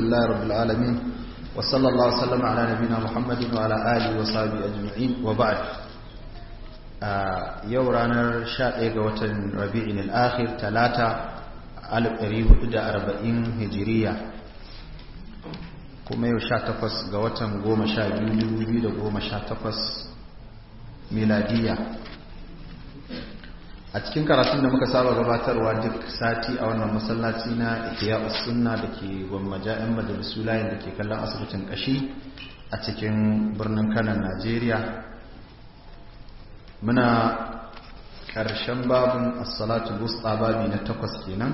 لله رب العالمين وصلى الله وسلم على نبينا محمد وعلى آله وصحبه أجمعين وبعد yau ranar ɗaya ga watan rabi'in al'akhir talata 1440 hijiriya kuma yau 18 ga watan 12 2018 miladiya a cikin karatun da muka saba gabatarwa duk sati a wannan masallaci na ikiya usunna da ke gwamma yan majalisu layin da ke kallon asibitin kashi a cikin birnin kano najeriya muna karshen babin assalatu gusta babi na takwas kenan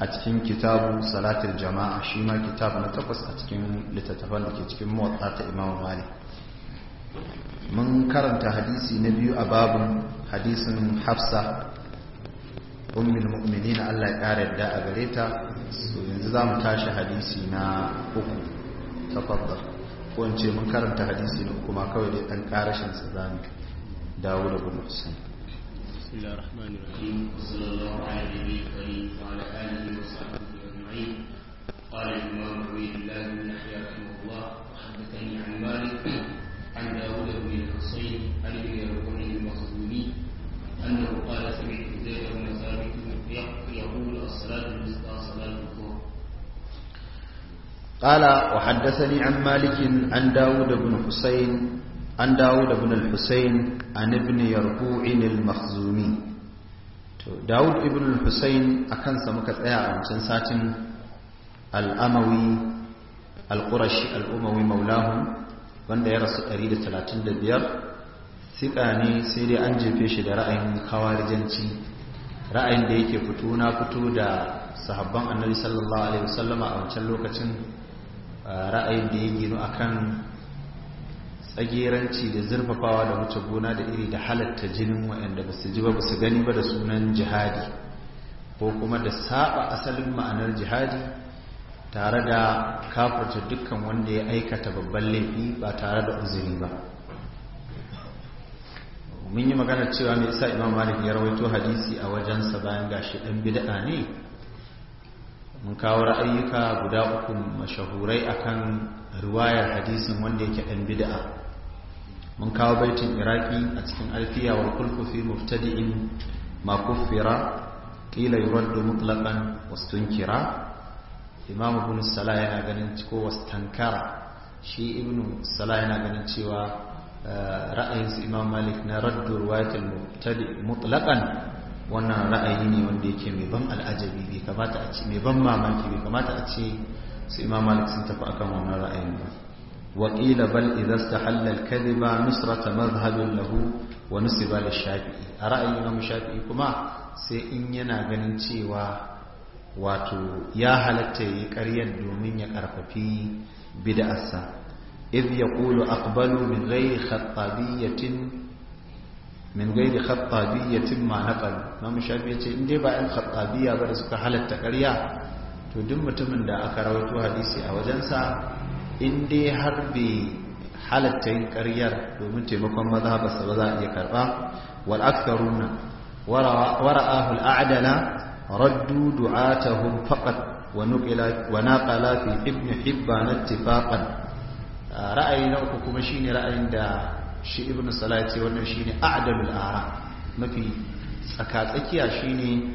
a cikin kitabu salatin jama'a shi ma kitab na takwas a cikin littattafan da ke cikin motsa ta imamu malik mun karanta hadisi na biyu a babu hadisin hafsa ummul mu'minin Allah ya kare yadda a gare ta so yanzu zamu tashi hadisi na uku tafaddal ko in ce mun karanta hadisi na uku ma kawai dai dan karashin sa zamu dawo da gudu sai بسم الله الرحمن الرحيم وصلى الله على النبي الكريم وعلى اله وصحبه اجمعين قال الامام عبيد الله بن يحيى رحمه الله وحدثني عن داود بن الحصين عن ابن ربيع المخزومي أنه قال سمعت زيد بن ثابت يقول الصلاة الوسطى صلاة الظهر قال وحدثني عن مالك عن داود بن حسين عن داود بن الحسين عن ابن يربوع المخزومي داود ابن الحسين أكن سمكت آية عن ساتن الأموي القرشي الأموي مولاهم wanda ya rasu 135 sika ne sai dai an jefe shi da ra'ayin kawarijanci ra'ayin da yake fito na fito da sahabban annabi sallallahu alaihi wasallama a wancan lokacin ra'ayin da ya gino akan tsageranci da zurfafawa da wuce gona da iri da halatta jinin waɗanda ba su ji ba su gani ba da sunan jihadi ko kuma da saba asalin ma'anar jihadi tare da kafurta dukkan wanda ya aikata babban laifi ba tare da uzuri ba mun yi magana cewa mai isa imam malik ya rawaito hadisi a wajen sa bayan gashi ɗan bid'a ne mun kawo ra'ayyuka guda uku mashahurai akan riwayar hadisin wanda yake ɗan bid'a mun kawo baitin iraki a cikin alfiya wa kulku fi muftadi'in ma kufira qila yuraddu mutlaqan wastunkira imam ibn sala yana ganin ko wastankara shi ibn sala yana ganin cewa eh, ra'ayinsu imam malik na raddu ruwayatul mubtadi mutlaqan wannan ra'ayi ne wanda yake mai ban al'ajabi bai kamata a ce mai ban mamaki bai kamata a ce su imam malik sun tafi akan wannan ra'ayin ba wa qila bal idza istahalla al-kadhiba nusrata madhhabin lahu wa nusiba lish-shafi'i a ra'ayin imam shafi'i kuma sai in yana ganin cewa wato ya halatta yi ƙaryar domin ya ƙarfafi bida'arsa ya yaqulu aqbalu min ghairi khattabiyatin min gairi khattabiyatin ma naqal Imam Shafi yace in dai ba in khattabiya ba da suka halatta ƙarya to duk mutumin da aka rawaito hadisi a wajensa in dai har bai halatta yin ƙaryar domin taimakon mazhabarsa ba za a iya karɓa wal aktharuna wara'ahu al-a'dala raddu du'atahum faqat wa nuqila wa naqala fi ibn hibban ittifaqan ah, ra'ayi na uku kuma shine ra'ayin da shi ibn salah ce wannan shine a'dalul ara mafi tsaka tsakiya shine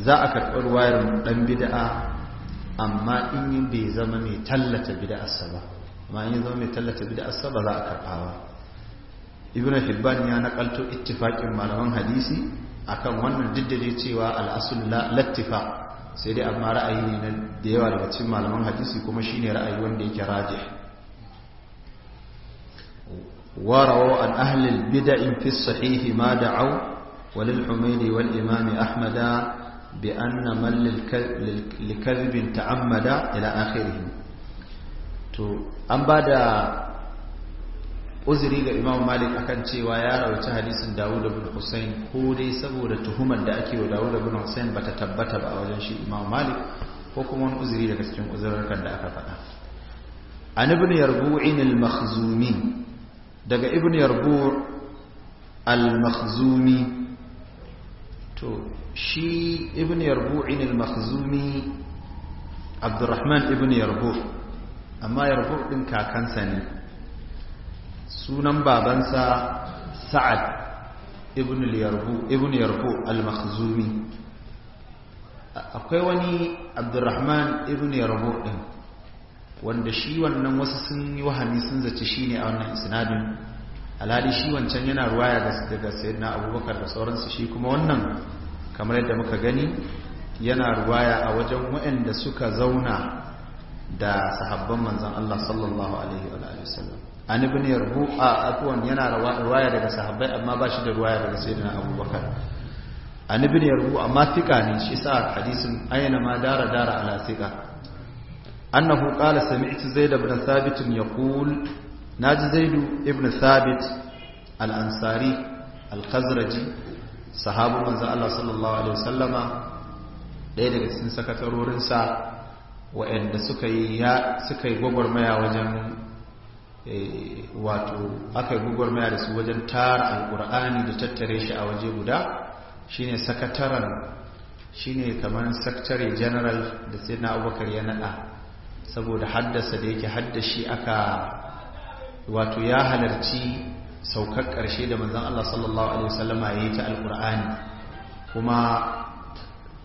za a karɓi wayar ɗan bid'a amma in yi bai zama mai tallata bid'arsa ba amma in yi zama mai tallata bid'arsa ba za a karɓa ba ibn hibban ya nakalto ittifaqin malaman hadisi akan wannan diddade cewa al'asul lattifa sai dai amma ra'ayi ne na da yawa daga cikin malaman hadisi kuma shine ra'ayi wanda yake rajih warawa rawu an ahli al-bid'ah fi as ma da'u wa lil wal imami ahmada bi anna man lil ta'ammada ila akhirih to an da uzuri ga imam malik akan cewa ya rawaci hadisin dawud ibn husayn ko dai saboda tuhumar da ake wa dawud ibn husayn bata tabbata ba a wajen shi imam malik ko kuma wani uzuri daga cikin uzurarkan da aka faɗa an ibn yarbu'in al-makhzumi daga ibn yarbu' al-makhzumi to shi ibn yarbu'in al-makhzumi abdurrahman ibn yarbu' amma yarbu' din kakansa ne sunan babansa sa'ad ibn yarbu al-makhzumi akwai wani abdurrahman ibn yarbu din wanda shi wannan wasu sun yi wahami sun zace shi ne a wannan isnadin alhali shi wancan yana ruwaya daga sayyidina abubakar da sauransu shi kuma wannan kamar yadda muka gani yana ruwaya a wajen waɗanda suka zauna da sahabban manzan Allah sallallahu alaihi wa sallam an ibn yarbu a afwan yana riwaya daga sahabbai amma ba shi da riwaya daga sayyidina abubakar an ibn yarbu amma tika ne shi sa hadisin ayyana ma dara dara ala tika annahu qala sami'tu zaid ibn thabit yaqul naji Zaidu, ibn Sabit, al-ansari al-khazraji sahabu manzo Allah sallallahu alaihi wasallama ɗaya daga cikin sa wa'anda suka yi ya suka yi gwagwarmaya wajen Eh, wato aka yi gugurmaya da su wajen tara alkur'ani da tattare shi a waje guda shine sakataren shine kamar sakatare general da sai na abubakar ya nada saboda haddasa da yake haddashi aka wato ya halarci saukar karshe da manzon Allah sallallahu alaihi wasallama yi ta alkur'ani kuma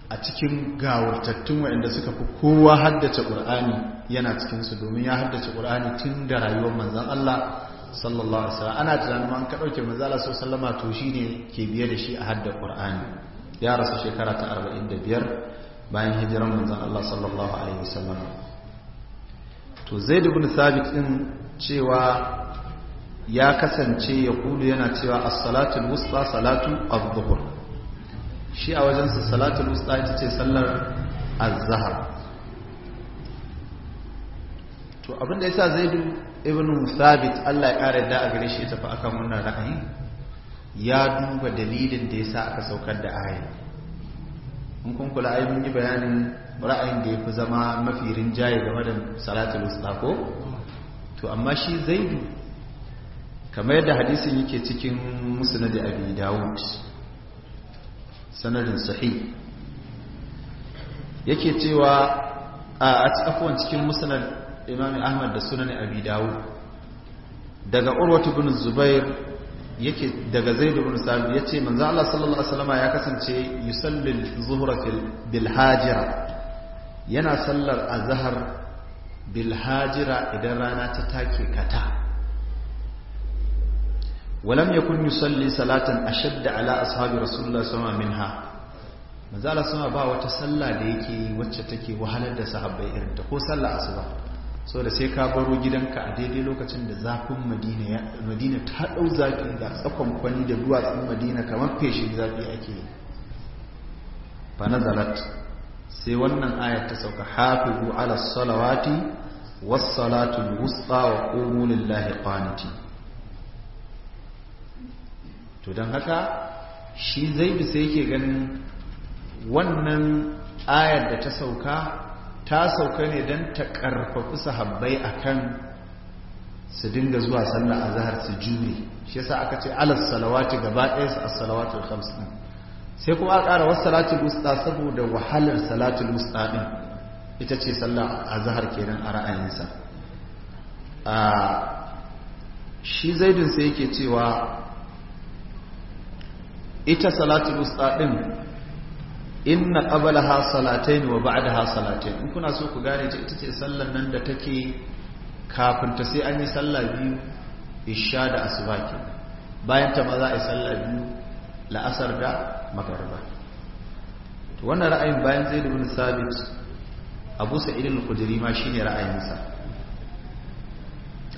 a cikin gawartattun waɗanda suka fi kowa haddace ƙur'ani yana cikinsu domin ya haddace ƙur'ani tun da rayuwar manzan Allah sallallahu alaihi wasallam ana tunanin an ka ɗauke manzo Allah sallallahu alaihi to shine ke biye da shi a hadda ƙur'ani ya rasu shekara ta 45 bayan hijiran manzan Allah sallallahu alaihi wasallam to Zaid ibn din cewa ya kasance ya kulu yana cewa as-salatu al-wusta salatu adh-dhuhr shi a wajensa salatul wusta ita ce sallar azhar to abin da yasa zaidu ibn thabit Allah ya kare da a gare shi tafi akan wannan ra'ayi ya duba dalilin da yasa aka saukar da ayin mun kun kula ai mun yi bayanin ra'ayin da yafi zama mafi rinjaye game da salatul wusta ko to amma shi zaidu kamar yadda hadisin yake cikin musnad abi dawud sanadin sahih yake cewa a cikin cikin musnad imam ahmad da sunan abi dawud daga urwatu ibn zubair yake daga zaid ibn sabit yace manzo Allah sallallahu alaihi wasallam ya kasance yusalli zuhra fil bil hajira yana sallar azhar bil hajira idan rana ta take kata ولم يكن يصلي صلاة أشد على أصحاب رسول الله صلى الله عليه وسلم منها مازال sama ba wata sallah da yake wacce take wahalar da sahabbai irin ta ko sallah asuba saboda sai ka baro gidanka a daidai lokacin da zafin madina madina ta dau zafi ga tsakon kwani da duwatsun madina kamar feshi zafi ake yi fa nazalat sai wannan ayat ta sauka hafizu ala salawati was salatu wusta wa qumu lillahi qanitin to don haka shi zaidu sai yake ganin wannan ayar da ta sauka ta sauka ne don ta ƙarfafi sahabbai akan su dinga zuwa sallah a zahar su jure shi yasa aka ce alas salawati gaba ɗaya su as salawatul sai kuma a ƙara wasu salati musta saboda wahalar salati musta din ita ce sallah a zahar kenan a ra'ayinsa a ah, shi zaidun sai yake cewa ita salatu wusta din inna qablaha salatayn wa ba'daha salatayn in kuna so ku gane ita ce sallan nan da take kafin ta sai an yi sallah biyu isha da asuba ke bayan ta ma za a yi sallah biyu la'asar da magariba to wannan ra'ayin bayan zaid ibn sabit abu sa'id al-khudri ma shine ra'ayinsa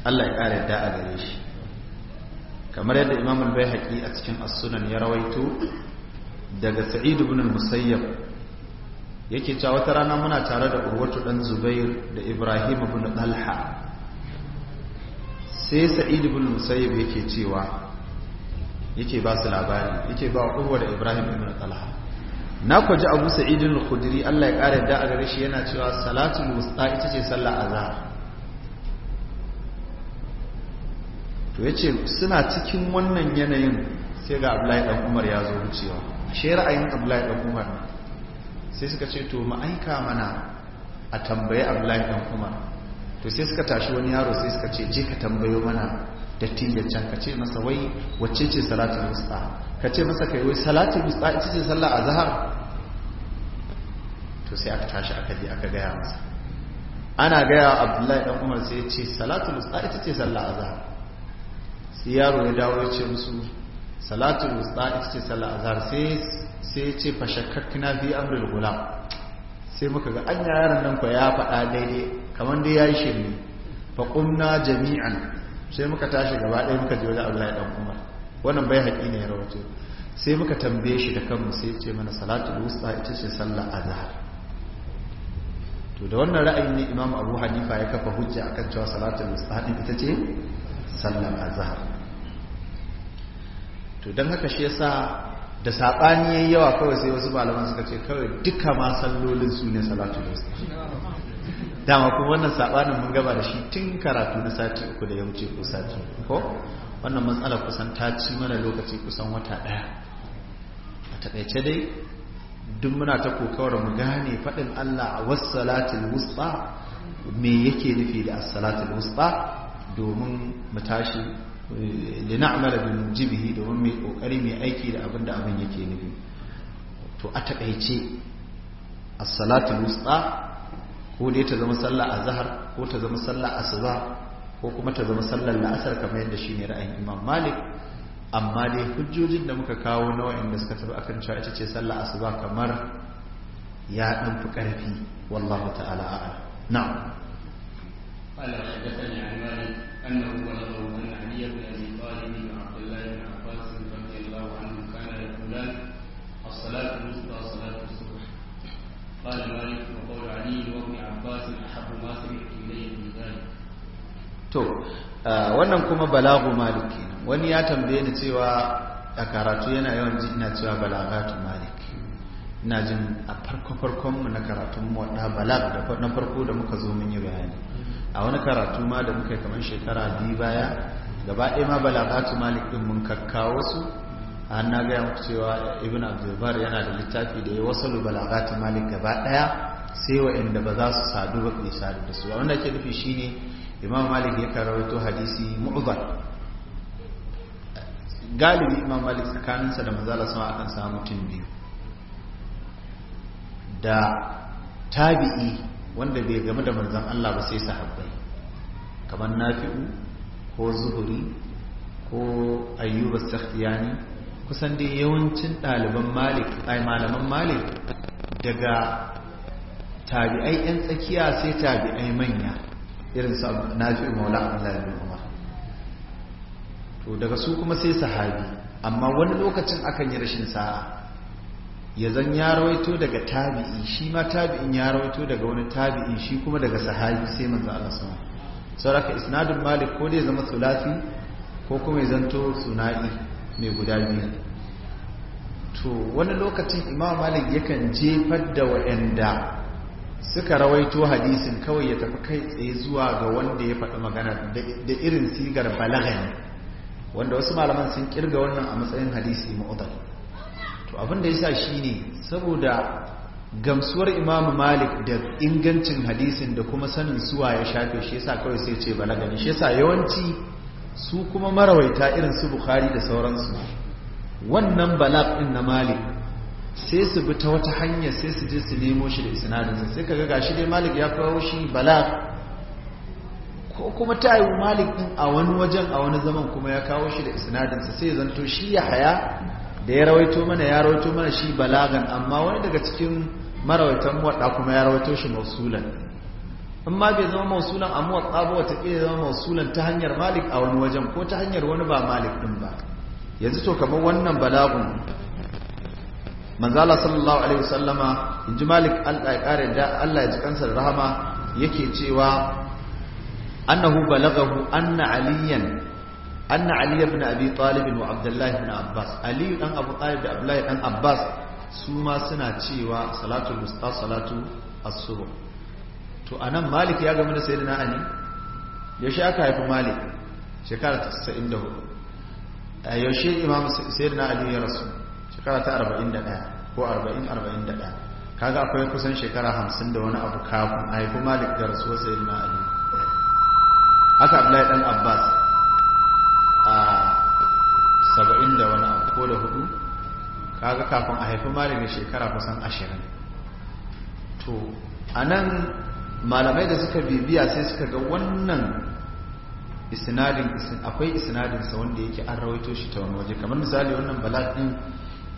Allah ya kare da a gare shi kamar yadda imam al-baihaqi a cikin as-sunan ya rawaito daga sa'id ibn al-musayyab yake cewa wata rana muna tare da urwatu dan zubair da ibrahim ibn talha sai sa'id ibn al-musayyab yake cewa yake ba su labari yake ba urwa da ibrahim ibn talha na kwaji abu sa'id al-khudri Allah ya kare da a gare shi yana cewa salatul wusta ita ce sallar azhar to ya ce suna cikin wannan yanayin sai ga abulai ɗan umar ya zo wucewa shi ra'ayin abulai ɗan umar sai suka ce to ma'aika mana a tambaye abulai ɗan umar to sai suka tashi wani yaro sai suka ce je ka tambayo mana dattijan can ka ce masa wai wacce ce salatul musta ka ce masa kai wai salatul musta ita ce sallah azhar to sai aka tashi aka je aka gaya masa ana gaya abdullahi dan umar sai ya ce salatu musta ita ce sallah azhar sai yaro ya dawo ya ce musu salatu wusta ita ce sallar azhar sai sai ce fa shakkakna fi amril gulam sai muka ga an yaron nan ko ya faɗa daidai kamar dai yayi shirme fa qumna jami'an sai muka tashi gaba ɗaya muka je wajen ya dan Umar wannan bai haƙi ne ya rawato sai muka tambaye shi da kanmu sai ce mana salatu wusta ita ce sallar azhar to da wannan ra'ayin ne imamu abu hanifa ya kafa hujja akan cewa salatul wusta ita ce sallar azhar to don haka shi yasa da saɓani yayi yawa kawai sai wasu malaman suka ce kawai duka ma sallolin su ne salatu salatul dama kuma wannan saɓanin mun gaba da shi tun karatu na sati uku da ya wuce ko sati ko wannan matsala kusan ta ci mana lokaci kusan wata ɗaya a taƙaice dai duk muna ta kokawar mu gane faɗin Allah a salatin wusta me yake nufi da as-salatul wusta domin mu tashi da na'amala bin mujibihi domin mai kokari mai aiki da abin da abin yake nufi to a takaice a salatu wusta ko dai ta zama sallah zahar ko ta zama sallah suba ko kuma ta zama sallar la'asar kamar yadda shi ne ra'ayin Imam Malik amma dai hujjojin da muka kawo na wa'anda suka tafi akan cewa ita ce sallah asuba kamar ya dan fi karfi wallahu ta'ala a'lam na'am قال حدثني عن malik انه ولد قال مالك وقول علي وابن عباس احب ما سمعت اليه من ذلك تو wannan kuma balagu malik kenan wani ya tambaye ni cewa a karatu yana yawan ji ina cewa balagatu malik ina jin a farko farkon mu na karatun mu wadda balag da na farko da muka zo mun yi bayani a wani karatu ma da muka yi kamar shekara biyu baya gaba ɗaya ma balagatu malik din mun kakkawo su an na gaya muku cewa ibn abdulbar yana da littafi da ya wasalu balagati malik gaba daya sai wa'anda ba za su sadu ba ku sadu da su ba wanda ke nufi shine imam malik ya karawato hadisi mu'zal galibi imam malik tsakaninsa da manzala sama akan samu mutum biyu da tabi'i wanda bai game da manzan Allah ba sai sahabbai kamar nafi'u ko zuhuri ko ayyuba sakhtiyani kusan dai yawancin ɗaliban malik ai malaman malik daga tabi'ai 'yan tsakiya sai tabi'ai manya irin su fi maula abdullahi bin umar to daga su kuma sai sahabi amma wani lokacin akan yi rashin sa'a ya zan ya rawaito daga tabi'i shi ma tabi'in ya rawaito daga wani tabi'in shi kuma daga sahabi sai manzo Allah sama sauraka isnadul malik ko dai zama sulati ko kuma ya zanto sunai mai guda biyu to wani lokacin imam malik yakan jefar da wa'anda suka rawaito hadisin kawai ya tafi kai tsaye zuwa ga wanda ya faɗi magana da irin sigar balagani wanda wasu malaman sun kirga wannan a matsayin hadisi ma'udar to abin da ya sa shi ne saboda gamsuwar imam malik da ingancin hadisin da kuma sanin suwa ya shafe shi yasa kawai sai ce balagani shi yasa yawanci su kuma marawaita irin su bukhari da sauransu wannan balab din na malik sai su bi ta wata hanya sai su je su nemo shi da isnadinsa sai kaga gashi dai malik ya kawo shi balab ko kuma ta yi malik din a wani wajen a wani zaman kuma ya kawo shi da isnadinsa sai zanto shi ya haya da ya rawaito mana ya rawaito mana shi balagan amma wani daga cikin marawaitan wadda kuma ya rawaito shi mausulan amma bai zama mausulan amma watsa ba wata ƙila zama mausulan ta hanyar malik a wani wajen ko ta hanyar wani ba malik ɗin ba yanzu to kamar wannan balagun manzala sallallahu alaihi wasallama in ji malik allah ya ƙare da allah ya ji kansa da rahama yake cewa annahu balagahu anna aliyan anna ali ibn abi talib wa abdullah ibn abbas ali dan abu talib da abdullah dan abbas su ma suna cewa salatul musta salatu as-subh to a nan malik ya gama da sayyidina ali yaushe aka haifi malik shekara ta 94 a eh, yaushe imam sayyidina ali ya rasu shekara ta 41 ko 40 41 kaga akwai kusan shekara 50 da wani abu kafin a haifi malik da rasuwar sayyidina ali haka abdullahi dan abbas a 70 da wani abu ko da hudu kaga kafin a haifi malik da shekara kusan 20 to a nan malamai da suka bibiya sai suka ga wannan isnadin akwai isnadin sa wanda yake an rawaito shi ta wani waje kamar misali wannan balad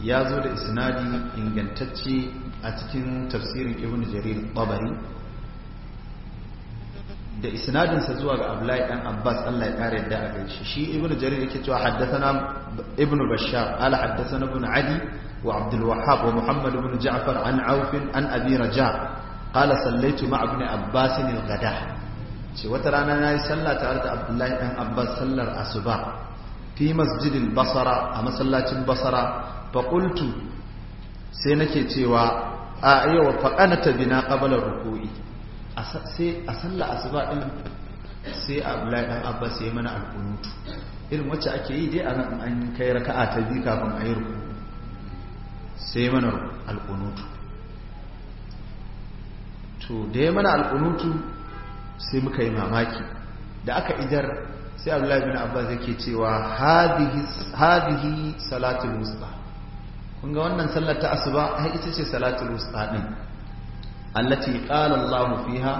ya zo da isnadi ingantacce a cikin tafsirin ibn jarir tabari da isnadin sa zuwa ga Abdullahi dan Abbas Allah ya kare yadda a gaishe shi ibn jarir yake cewa haddathana ibn bashar ala haddathana ibn adi wa abdul wahhab wa muhammad ibn ja'far an auf an abi raja qala sallaitu ma ibn abbas al gada. ce wata rana nayi sallah tare da abdullahi dan abbas sallar asuba fi masjidil basara a masallacin basara fa qultu sai nake cewa a yau fa qanata bina qabla ruku'i sai a sallar asuba din sai abdullahi dan abbas ya mana alqunut irin wacce ake yi dai a nan an kai raka'a ta biyu kafin a yi ruku sai mana alqunut to da ya mana al'unutu sai muka yi mamaki da aka idar sai abdullahi bin abbas yake cewa hadihi salatul wusta kun ga wannan sallar ta asuba ai ita ce salatul wusta din allati qala allah fiha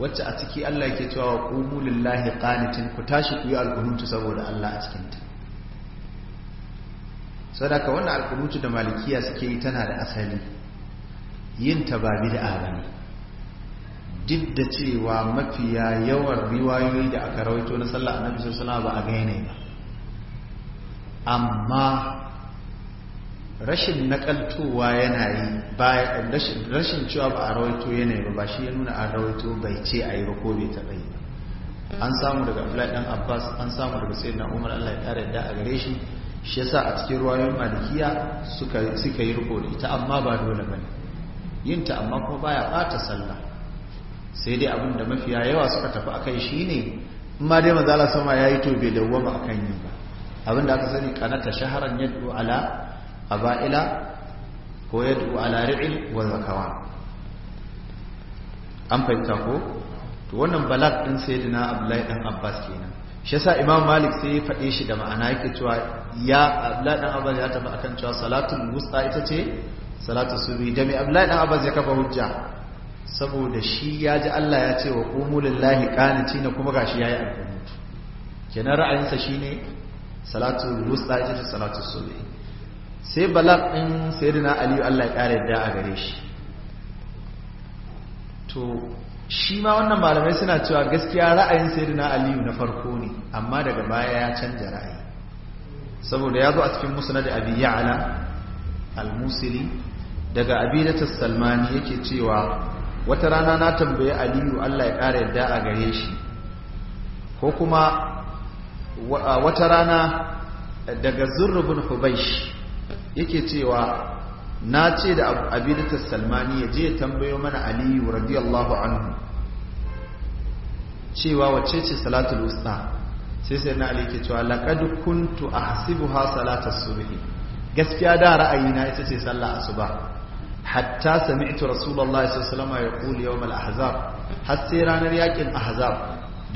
wacce a ciki allah yake cewa wa qumu lillahi qanitin ku tashi ku yi al'unutu saboda allah a cikin ta sadaka wannan al'unutu da malikiya suke yi tana da asali yin ta ba bid'a bane duk da cewa mafiya yawan riwayoyi da aka rawaito na sallah annabi sallallahu ba a ga yanayi ba amma rashin nakaltowa yana yi rashin cewa ba a rawaito yanayi ba ba shi ya nuna a rawaito bai ce a yi ba ko bai taɓa yi an samu daga abdullahi dan abbas an samu daga na umar allah ya ƙara yadda a gare shi shi yasa a cikin ruwayoyin malikiya suka yi riko da ita amma ba dole bane yin ta amma kuma baya ɓata sallah sai dai abin da mafiya yawa suka tafi akai shine in ma dai manzo ya yi tobe to bai a akan yi ba abin da aka sani kanata shaharar yadda ala aba'ila ko yadda ala ri'il wa zakawa an fahimta ko to wannan balak din sai dina Abdullahi dan Abbas kenan shi yasa Imam Malik sai ya faɗe shi da ma'ana yake cewa ya Abdullahi dan Abbas ya tafi akan cewa salatul wusta ita ce salatu subhi da mai Abdullahi dan Abbas ya kafa hujja saboda shi ya ji Allah ya ce wa qumu lillahi na kuma gashi ya yi alqunut kenan ra'ayinsa shi ne salatu wusta ita ce salatu subh sai balak da na Aliyu Allah ya kare da a gare shi to shi ma wannan malamai suna cewa gaskiya ra'ayin sayyidina da na farko ne amma daga baya ya canja ra'ayi saboda ya zo a cikin da abi ya'la al-musili daga da salmani yake cewa wata rana na tambaye aliyu allah ya ƙara yadda a gare shi ko kuma wata rana daga zurrubin hubaish yake cewa na ce da abinitar salmani ya je tambayo mana aliyu radiyallahu anhu cewa wacce ce salatul usta sai sai na ali ke cewa laqad kuntu ha salatar subhi gaskiya da ra'ayi na ita ce sallah asuba حتى سمعت رسول الله صلى الله ya وسلم يقول يوم har sai ranar yakin ahzab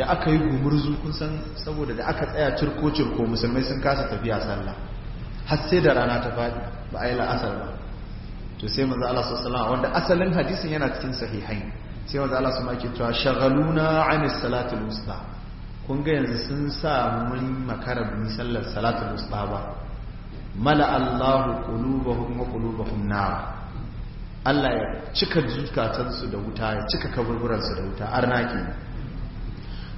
da aka yi gumurzu kun san saboda da aka tsaya cirko cirko musulmai sun kasa tafiya sallah har sai da rana ta fadi ba a yi la'asar ba to sai manzo Allah sallallahu wanda asalin hadisin yana cikin sahihai sai manzo Allah sallallahu alaihi wasallam ya ce shagaluna 'anis salatul wusta kun ga yanzu sun sa mun makara bin sallar salatul wusta ba mala Allahu qulubahum wa qulubahum nar Allah ya cika zukatansu da wuta ya cika kaburburansu da wuta arna ke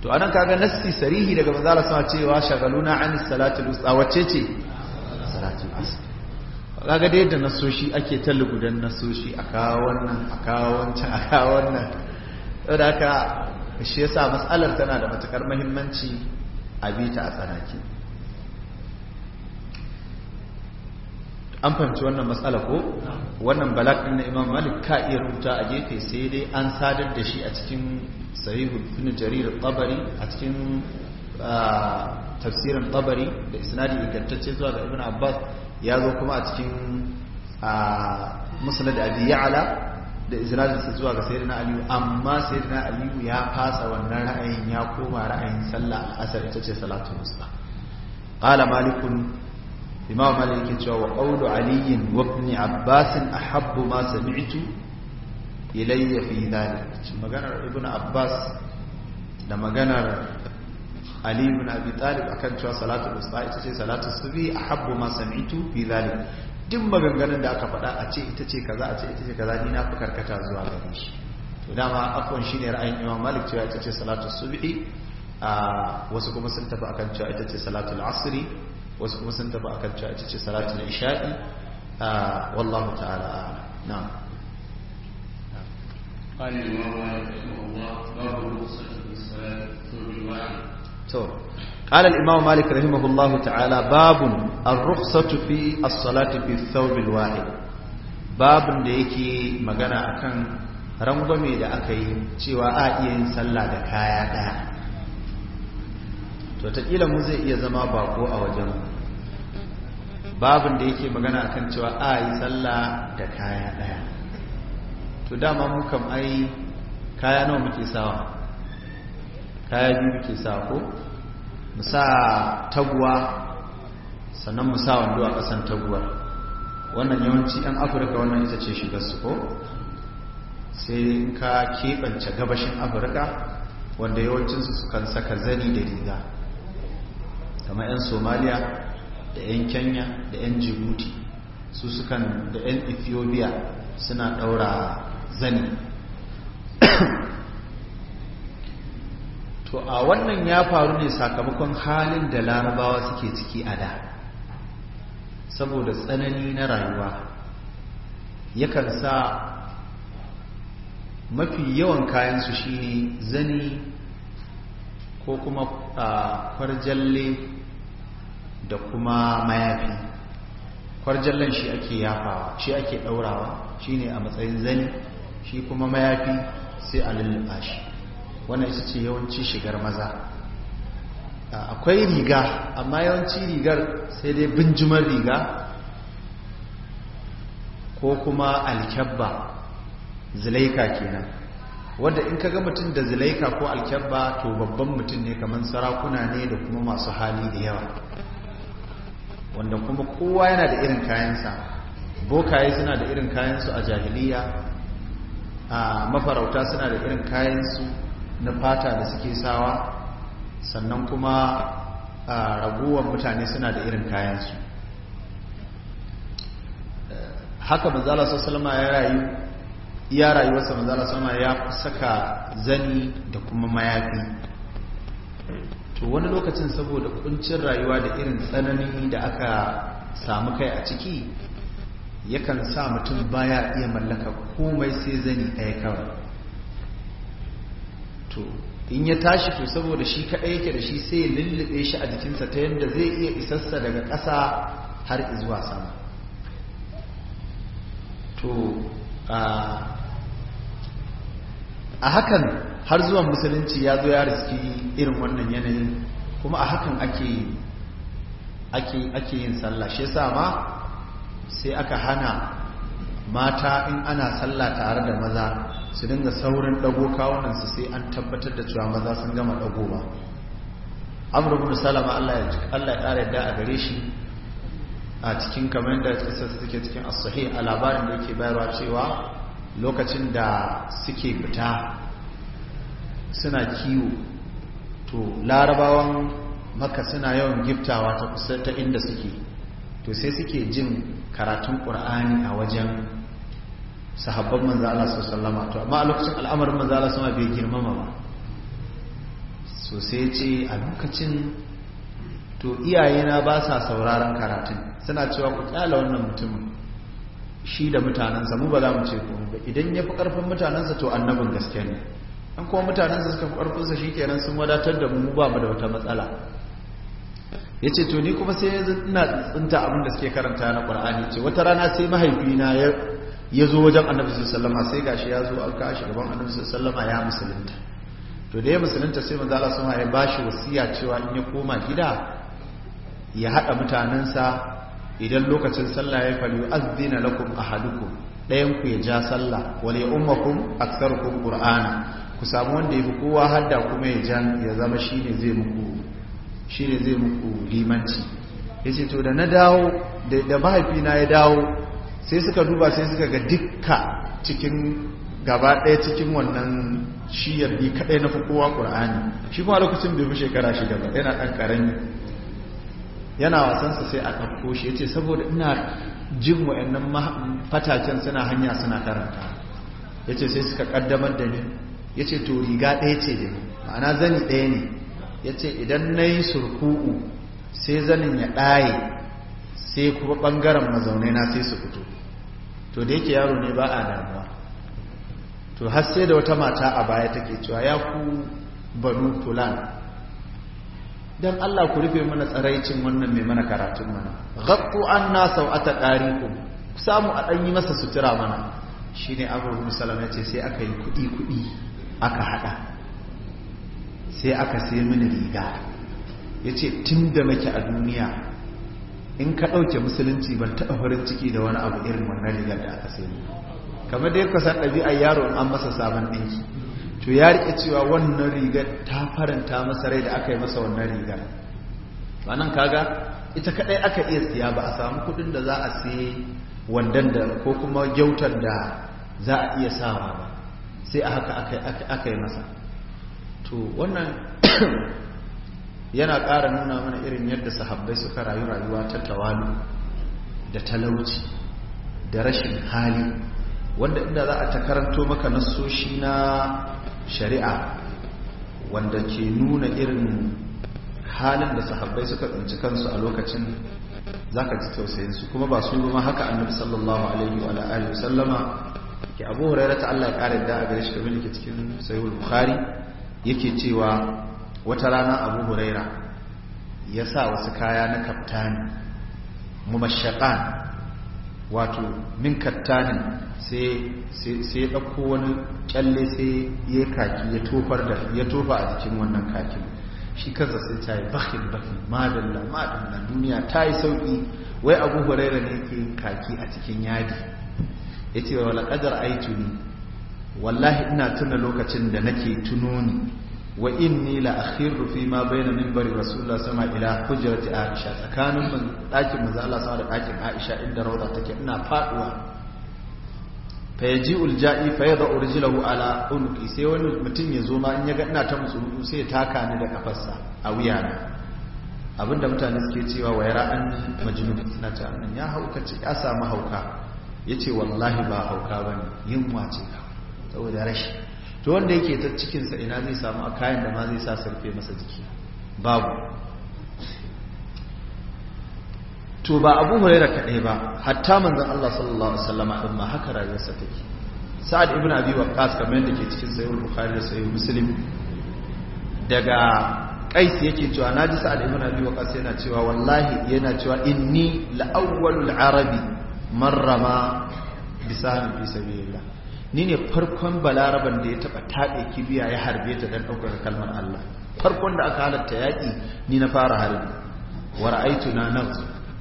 to anan kaga nassi sarihi daga manzo sama cewa shagaluna an salatul usta wacce ce salatul asr kaga dai da nasoshi ake ta lugudan nasoshi a kawo wannan a kawo wancan a kawo wannan saboda haka shi yasa mas'alar tana da matukar muhimmanci a bita a tsanaki an fahimci wannan matsala ko wannan balak na imam malik ka iya rubuta a gefe sai dai an sadar da shi a cikin sahihul ibn jarir tabari a cikin tafsirin tabari da isnadi ingantacce zuwa ga ibn abbas ya zo kuma a cikin musnad abi ya'la da isnadin sa zuwa ga sayyidina aliyu amma sayyidina aliyu ya fasa wannan ra'ayin ya koma ra'ayin sallah asar ita ce salatu musta qala malikun imam malik yake cewa wa qawlu ali wa ibn abbas ahabbu ma sami'tu ilayya fi dhalik maganar ibn abbas da maganar ali ibn abi talib akan cewa salatul usta ita ce salatul subhi ahabbu ma sami'tu fi dhalik duk maganganun da aka faɗa a ce ita ce kaza a ce ita ce kaza ni na fi karkata zuwa gare shi to dama afwan ne ra'ayin imam malik cewa ita ce salatul subhi a wasu kuma sun tafi akan cewa ita ce salatul asri wasu kuma sun tafi akan cewa ce ce na isha'i ah, wallahu ta'ala na'am قال الإمام رحمه قال الإمام مالك رحمه الله تعالى باب الرخصة في الصلاة في الثوب الواحد باب da yake magana akan rangwame da aka yi cewa a iya yin sallah da kaya ɗaya to taƙila mu zai iya zama bako a wajen babin da yake magana kan cewa a yi sallah da kaya ɗaya to dama mu ai kaya nawa muke sawa kaya biyu muke sawa ko mu sa taguwa sannan mu sa wando a ƙasan taguwar wannan yawanci 'yan afirka wannan ita ce su ko sai ka keɓance gabashin afirka wanda yawancinsu sukan saka zani da riga kamar 'yan somaliya da 'yan kenya da 'yan jibuti su suka da 'yan ethiopia suna ɗaura zani to a wannan ya faru ne sakamakon halin da larabawa suke ciki a da saboda tsanani na rayuwa yakan sa mafi yawan kayansu shine zani ko kuma farjalle da kuma mayafi kwarjallan shi ake yafawa shi ake daurawa shine a matsayin zani shi kuma mayafi sai a lullufa shi wannan ita ce yawanci shigar maza akwai riga amma yawanci rigar sai dai binjimar riga ko kuma alkyabba zilaika kenan wadda in kaga mutum da zilaika ko alkyabba to babban mutum ne kamar sarakuna ne da kuma masu hali da yawa wanda kuma kowa yana da irin kayansa bokaye suna da irin kayansu a jahiliya a mafarauta suna da irin kayansu na fata da suke sawa sannan kuma a raguwar mutane suna da irin kayansu haka manzala sallama ya rayu iya rayuwarsa manzala ya saka zani da kuma mayafi to wani lokacin saboda kuncin rayuwa da irin tsanani da aka samu kai a ciki yakan sa mutum baya iya mallaka komai sai zani ɗaya kawai to in ya tashi to saboda shi kaɗai yake da shi sai ya lullube shi a jikinsa ta yadda zai iya isarsa daga ƙasa har zuwa sama to a hakan har zuwan musulunci ya zo ya riski irin wannan yanayin kuma a hakan ake yin sallah shi sa ma sai aka hana mata in ana sallah tare da maza su dinga saurin dago kawunansu sai an tabbatar da cewa maza sun gama ɗago ba. ibn salama Allah ya Allah ya a gare shi a cikin kamar da kisar suke cikin asuhi a labarin da yake bayarwa cewa lokacin da suke fita suna kiwo to larabawan maka suna yawan giftawa ta kusa ta inda suke to sai suke jin karatun ƙur'ani a wajen sahabban Manzala su sallallahu to amma a lokacin al'amarin Manzala su ma bai girmama ba so sai ce a lokacin to iyayena ba sa sauraron karatun suna cewa ku kyala wannan mutumin shi da mutanensa mu ba za mu ce ku ba idan ya fi ƙarfin mutanensa to annabin gaske ne an kuma mutanen su suka karfin shi kenan sun wadatar da mu ba mu da wata matsala Ya ce to ni kuma sai ina tsinta abin da suke karanta na Qur'ani ce wata rana sai mahaifina ya zo wajen Annabi su sallama, sai gashi ya zo an kashi gaban Annabi su sallama ya musulunta to da ya musulunta sai manzo Allah sallallahu ba ya bashi wasiya cewa in ya koma gida ya hada mutanansa idan lokacin sallah ya fali azdina lakum ahadukum dayan ku ya ja sallah kun, aksar aktharukum qur'ana ku samu wanda ya fi kowa hadda kuma ya jan ya zama shi ne zai muku limanci ya ce to da na dawo da mahaifina ya dawo sai suka duba sai suka ga dukka cikin gaba ɗaya cikin wannan shiyar bi kaɗai na fi kowa Kur'ani. shi kuma lokacin bai fi shekara shi gaba yana ɗan ƙarami yana wasansa sai a ɗauko shi ya ce saboda ina jin wa'annan fatacen suna hanya suna karanta ya ce sai suka ƙaddamar da ni ya ce to riga ɗaya ce da ni ma'ana zani ɗaya ne ya ce idan na yi surku'u sai zanin ya ɗaye sai kuma ɓangaren mazaunai na sai su fito to da yake yaro ne ba a damuwa to har sai da wata mata a baya take cewa ya ku banu tulan don Allah ku rufe mana tsaraicin wannan mai mana karatun mana ghattu an na ata ɗariku samu a ɗanyi masa sutura mana shine ne abu musalama ce sai aka yi kuɗi-kuɗi aka hada sai aka sai mini riga ya ce tun da nake a duniya in ka ɗauke musulunci ban taba farin ciki da wani abu irin wannan rigar da aka sai kamar da ya kusan ɗabi'ar yaro an masa sabon ɗinki to ya riƙe cewa wannan rigar ta faranta masa rai da aka yi masa wannan rigar to ka kaga ita kadai aka iya siya ba a samu kuɗin da za a sai wandan da ko kuma gyautar da za a iya sawa ba sai a haka aka yi masa to wannan yana ƙara nuna mana irin yadda sahabbai suka rayu rayuwa ta tawalu da talauci da rashin hali wanda inda za a ta karanto maka nassoshi na shari'a wanda ke nuna irin halin da sahabbai suka tsinci kansu a lokacin zaka ka ji su? kuma ba su yi haka annabi sallallahu alaihi wa alihi sallama ke abu ta Allah ya kare da a gare shi kamar yake cikin sayuwar bukhari yake cewa wata rana abu huraira ya sa wasu kaya na kaftani mumashaqan wato min kattanin sai ya ɗauko wani ƙyalle sai ya kaki ya tofar da ya tofa a cikin wannan kakin shi kansa sai ta yi bakin bakhil madalla madalla duniya ta yi sauƙi, wai abu huraira ne yake kaki a cikin yadi ya ce wa laƙadar aituni wallahi ina tuna lokacin da nake tuno ni wa in la akhiru rufi ma bayna minbari rasulullah sama ila hujrati aisha tsakanin mun dakin manzo Allah sama da dakin aisha inda rawda take ina faduwa fa yaji'u al-ja'i fa yad'u ala unqi sai wani mutum ya zo ma in ya ga ina ta musu sai ya taka ni da kafarsa a wuya na abinda mutane suke cewa wa yara an majnun na ta ya hauka ce ya samu hauka ya ce wallahi ba hauka ba ne yin wace ka saboda rashi to wanda yake ta cikinsa ina zai samu a kayan da ma zai sa sarfe masa jiki babu to ba abu da kaɗai ba hatta manzan allah sallallahu alaihi wasallama ɗin ma haka rayuwarsa take sa'ad ibn abi waqqas kamar yadda ke cikin sahih bukhari da sahih muslim daga kais yake cewa naji sa'ad ibn abi waqas yana cewa wallahi yana cewa inni la awwalul arabi marrama bisa fi sabilillah ni ne farkon balaraban da ya taba taɓe kibiya ya harbe ta dan ɗaukar kalmar Allah farkon da aka halatta yaƙi ni na fara harbi wa ra'aytuna na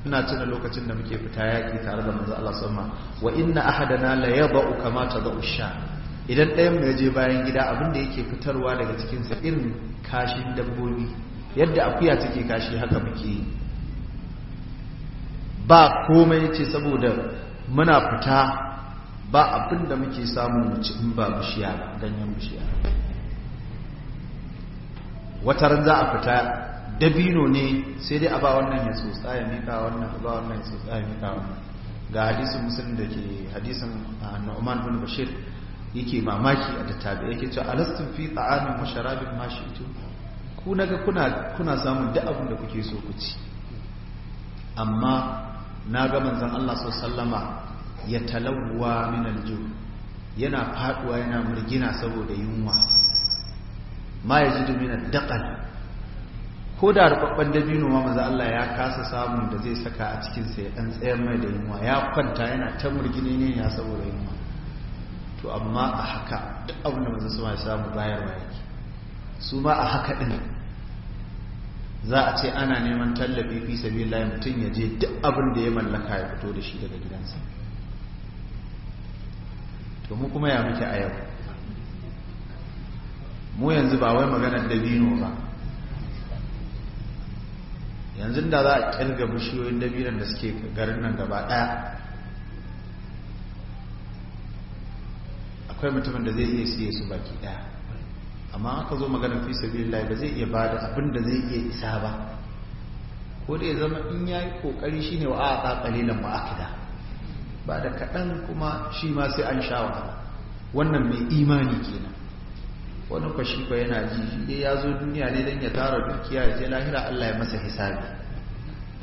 ina tuna lokacin da muke fita yaki tare da manzo Allah sama wa inna ahadana la yadau kama tadau sha idan ɗayan mu je bayan gida abin da yake fitarwa daga cikin sa irin kashin dabbobi yadda akuya take kashi haka muke yi ba komai ce saboda muna fita ba abin da muke samu mu in ba bishiya ganyen bishiya wata ran za a fita dabino ne sai dai a ba wannan ya tsotsa ya mika wannan ba wannan ya tsotsa ya mika wannan ga hadisin musulun da ke hadisin ah, Na'uman bin Bashir yake mamaki a tattabi yake cewa alastin fi ta'amin masharabin mashi ito ku naga kuna samun duk abin da kuke so ku ci amma na ga manzan Allah sallama ya talawwa min aljo yana faduwa yana murgina saboda yunwa ma ya yajidu min addaqal ko da rubabban dabino ma manzon Allah ya kasa samun da zai saka a cikinsa ya ɗan tsayar mai da yunwa ya kwanta yana ta murgini ne ya saboda yunwa to amma a haka duk abin da manzon sama ya samu bayarwa yake su ma a haka ɗin za a ce ana neman tallafi fi layi mutum ya je duk abin da ya mallaka ya fito da shi daga gidansa to mu kuma ya muke a yau mu yanzu ba wai maganar dabino ba yanzu da za a kirga bishiyoyin dabinon da suke garin nan gaba daya akwai mutumin da zai iya siye su baki daya amma aka zo maganar fi sabilillah ba zai iya bada abin da zai iya isa ba ko da ya zama in ya yayi kokari shine wa a aqa qalilan wa akida ba da kadan kuma shi ma sai an sha wannan mai imani kenan wani kwashi ba yana ji shi ya zo duniya ne don ya tara dukiya ya je lahira Allah ya masa hisabi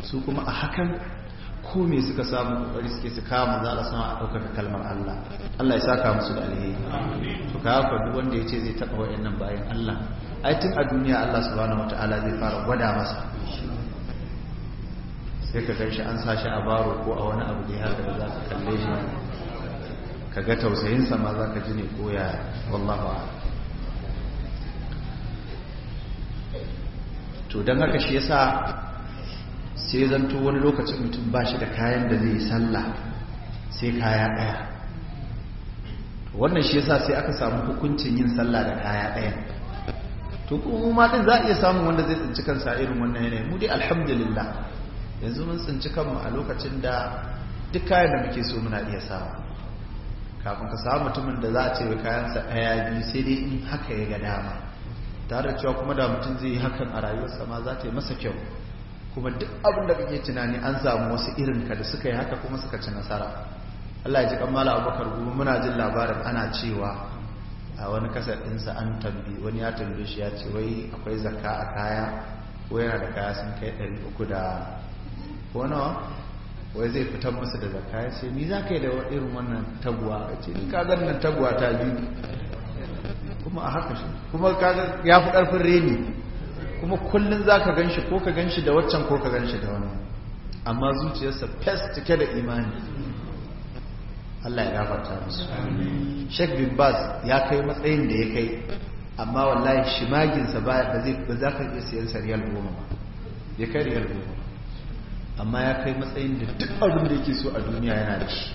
su kuma a hakan ko me suka samu kokari suke su kama za a sama a daukar kalmar Allah Allah ya saka musu da alheri to ka haka duk wanda ce zai taba wayannan bayan Allah ai tun a duniya Allah subhanahu wataala zai fara gwada masa sai ka ganshi an shi a baro ko a wani abu da haka da za ka kalle shi ka ga tausayin sa ma za ka ji ne ko ya wallahu to don haka shi yasa sai zanto wani lokacin mutum ba shi da kayan da zai sallah sai kaya ɗaya wannan shi yasa sai aka samu hukuncin yin sallah da kaya daya to kuma ma din za a iya samun wanda zai tsinci kansa irin wannan yanayi mu dai alhamdulillah yanzu mun tsinci kanmu a lokacin da duk kayan da muke so muna iya samu kafin ka samu mutumin da za a ce kayansa daya biyu sai dai in haka ya ga dama tare da cewa kuma da mutum zai yi hakan a rayuwarsa ma za ta yi masa kyau kuma duk abin da kake tunani an samu wasu irin ka da suka yi haka kuma suka ci nasara Allah ya ji kammala abubakar gubu muna jin labarin ana cewa a wani kasar ɗinsa an tambi wani ya tambi shi ya ce wai akwai zakka a kaya ko yana da kaya sun kai ɗari uku da ko nawa wai zai fitar musu da zakka ya ce ni za ka yi da irin wannan taguwa a ce ni ka zan nan taguwa ta biyu kuma a haka shi kuma ya fi ƙarfin reni kuma kullum za ka gan shi ko ka gan shi da waccan ko ka gan shi da wani amma zuciyarsa fes cike da imani Allah ya gafarta musu shek bin bas ya kai matsayin da ya kai amma wallahi shimaginsa ba zai ba za ka iya siyan sa riyal goma ba ya kai riyal goma amma ya kai matsayin da duk abin da yake so a duniya yana da shi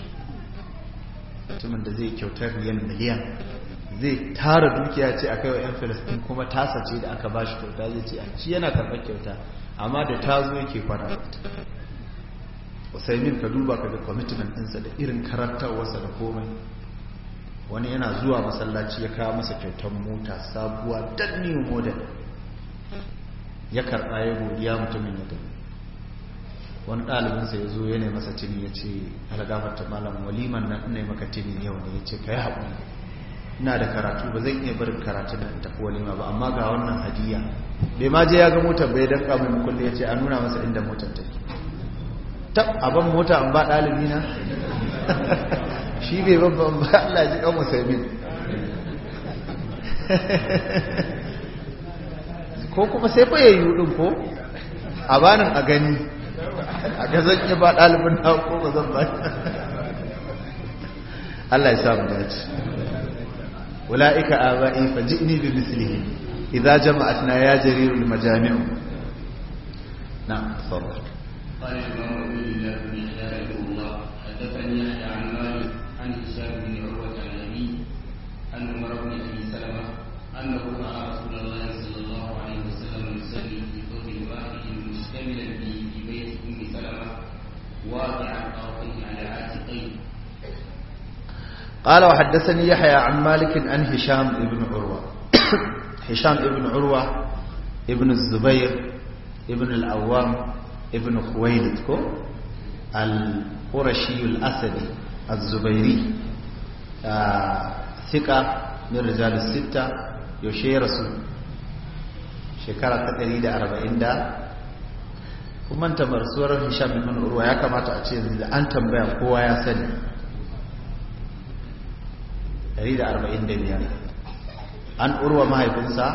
mutumin da zai kyautar riyal miliyan zai tara dukiya ce a kai wa 'yan filistin kuma tasa ce da aka bashi shi kyauta zai ce ci yana karɓar kyauta amma da ta zo yake kwana usaimin ka duba ka ga commitment ɗinsa da irin karantar wasa da komai wani yana zuwa masallaci ya kawo masa kyautar mota sabuwa dan new model ya karɓa ya godiya mutumin ya gani wani ɗalibinsa ya zo ya masa tini ya ce algafarta malam waliman nan ne maka tini yau ne ya ce ka yi haƙuri ina da karatu ba zan iya barin karatu da tafi walima ba amma ga wannan hadiya bai ma je ya ga motar bai danka mai mukulli ya ce a nuna masa inda motar take ta aban mota an ba ɗalibi na shi bai babban ba Allah ji kan musulmin ko kuma sai fa yayi hudun ko a banin a gani a ga zan iya ba ɗalibin na ko ba zan ba Allah ya samu dace أولئك آبائي فجئني بمثله إذا جمعتنا يا جرير المجامع نعم تفضل قال امام ابي الله بن رحمه الله حدثني يحيى عن مالك عن هشام بن عروة عن أبي عن عمر بن أبي سلمة أنه رأى رسول الله صلى الله عليه وسلم يصلي في ثوب واحد مشتملا به في بيت أم سلمة واقعا قال وحدثني يحيى عن مالك عن هشام ابن عروة هشام ابن عروة ابن الزبير ابن العوام ابن خويلد كو القرشي الأسدي الزبيري آه ثقة من رجال الستة يوشي رسول شكرا تقريد أربعين دا kuma ta marsuwar hisham ibn urwa ya kamata a ce yanzu da an tambaya kowa ya sani 145 an urwa mahaifinsa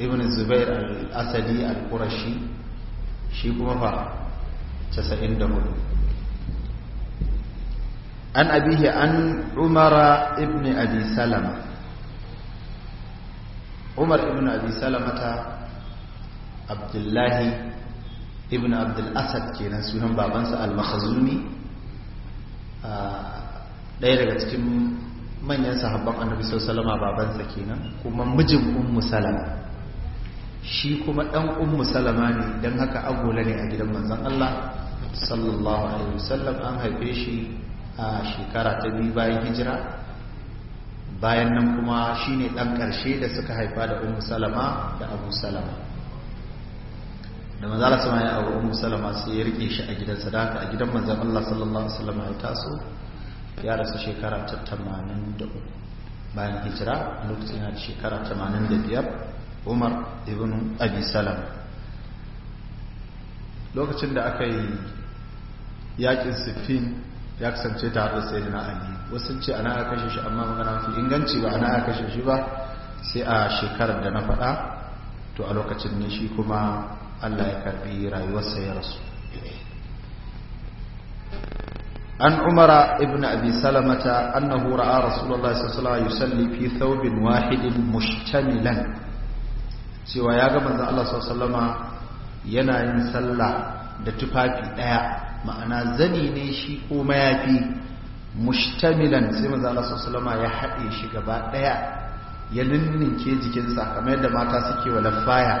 ibn zubair al-asadi al-qurashi shi kuma fa 94 an abihi an umara ibn abi salama umar ibn abi salamata abdullahi ibn abdul asad kenan sunan babansa al-makhzumi ah, ɗaya daga cikin manyan sahabban annabi sallama babansa kenan kuma mijin ummu salama shi kuma dan ummu salama ne dan haka agola ne a gidan manzon Allah sallallahu alaihi wasallam an haife shi a shekara ta biyu bayan hijira bayan nan kuma shine dan karshe da suka haifa da ummu salama da abu salama da manzon Allah sama ya aure ummu salama sai ya rike shi a gidan sadaka a gidan manzon Allah sallallahu alaihi wasallam ya taso ya rasu shekara ta tamanin da uku bayan hijira lokacin da shekara tamanin da biyar umar ibn abi salam lokacin da aka yi yakin siffin ya kasance tare da sayyidina ali wasu ce ana aka kashe shi amma magana fi inganci ba ana aka kashe shi ba sai a shekarar da na faɗa to a lokacin ne shi kuma Allah ya karɓi rayuwarsa ya rasu عن عمر ابن أبي سلمة أنه رأى رسول الله صلى الله عليه وسلم في ثوب واحد مشتملا سوى يا من الله صلى الله عليه وسلم ينا ينسلى دتفاكي دايا معنى زني نيشي وما مشتملا سوى من الله صلى الله عليه وسلم يحقي شكبا دايا ya ninninke jikinsa kamar yadda mata suke wa lafaya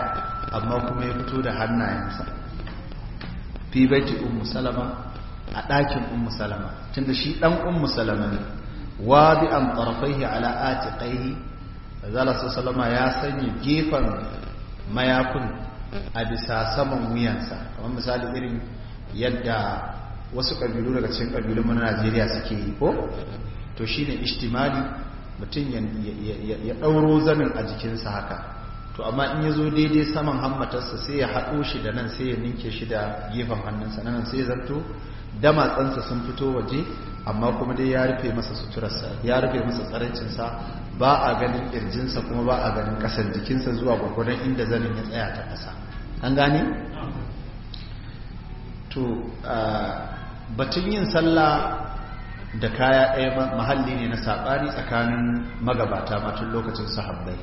amma kuma ya fito da hannayensa fi baiti ummu salama a ɗakin ummu salama da shi ɗan ummu salama ne wa bi an tarafaihi ala da zala salama ya sanya gefen mayakun a bisa saman wuyansa kamar misali irin yadda wasu ƙabilu daga cikin ƙabilun na Najeriya suke yi ko to shi ne ishtimali mutum ya ɗauro zanin a jikinsa haka to amma in ya zo daidai saman hammatarsa sai ya haɗo shi da nan sai ya ninke shi da gefen hannunsa nan sai ya zanto damatsansa sun fito waje amma kuma dai ya rufe masa suturarsa ya rufe masa tsarancinsa ba a ganin ƙirjinsa kuma ba a ganin ƙasar jikinsa zuwa gwagwadon inda zanen ya tsaya ta ƙasa an gane? to batun yin sallah da kaya ɗaya mahalli ne na saɓani tsakanin magabata matun lokacin sahabbai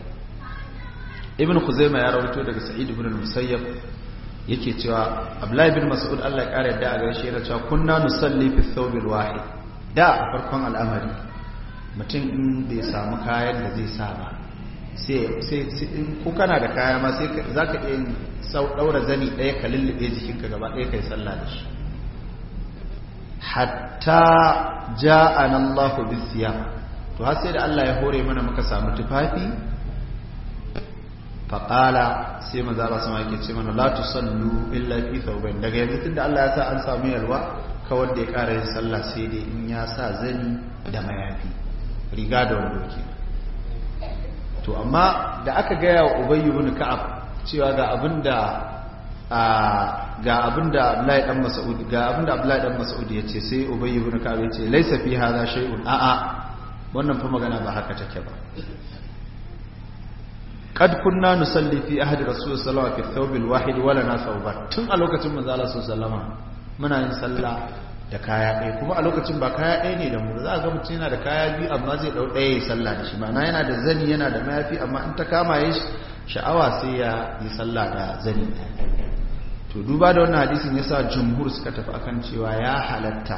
ibn khuzaima ya rawaito daga sa'id ibn al-musayyab yake cewa abdullahi bin mas'ud Allah ya kare da a gaishe yana cewa kunna nusalli fi thawbil wahid da a farkon al'amari mutum in bai samu kayan da zai sa ba sai in ko kana da kaya ma sai zaka iya yin sau daura zani daya ka lullube jikinka gaba daya kai sallah da shi hatta ja'ana Allahu bisiyam to har sai da Allah ya hore mana muka samu tufafi faƙala sai maza Allah sama yake ce mana la tusallu illa fi thawbain daga yanzu tunda Allah ya sa an samu yalwa kawar da ya ƙara yin sallah sai dai in ya sa zani da mayafi riga da wando ke to amma da aka gaya wa Ubay ibn Ka'ab cewa ga abinda ga abinda Abdullahi dan Mas'ud ga ce Abdullahi dan Mas'ud yace sai Ubay ibn Ka'ab ce laisa fi hadha shay'un a'a wannan fa magana ba haka take ba kad kunna nusalli fi ahdi rasul sallallahu alaihi wasallam fi wahid wa tun a lokacin manzo Allah sallallahu alaihi muna yin sallah da kaya ɗaya kuma a lokacin ba kaya ɗaya ne da mu za a ga mutum yana da kaya biyu amma zai dau ɗaya ya sallah da shi ma'ana yana da zani yana da mayafi amma in ta kama sha'awa sai ya yi sallah da zani to duba da wannan hadisin yasa jumhur suka tafi akan cewa ya halatta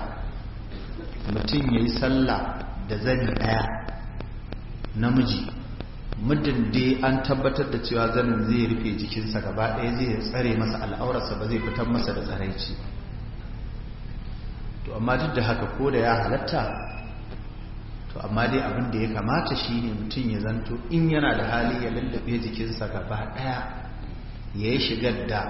mutum ya yi sallah da zani ɗaya namiji muddin dai an tabbatar da cewa zanin zai rufe jikinsa gaba ɗaya zai tsare masa al'aurarsa ba zai fitar masa da tsaraici to amma duk da haka ko da ya halatta to amma dai abin da ya kamata shi ne mutum ya zanto in yana da hali ya lallabe jikinsa gaba ɗaya ya yi shigar da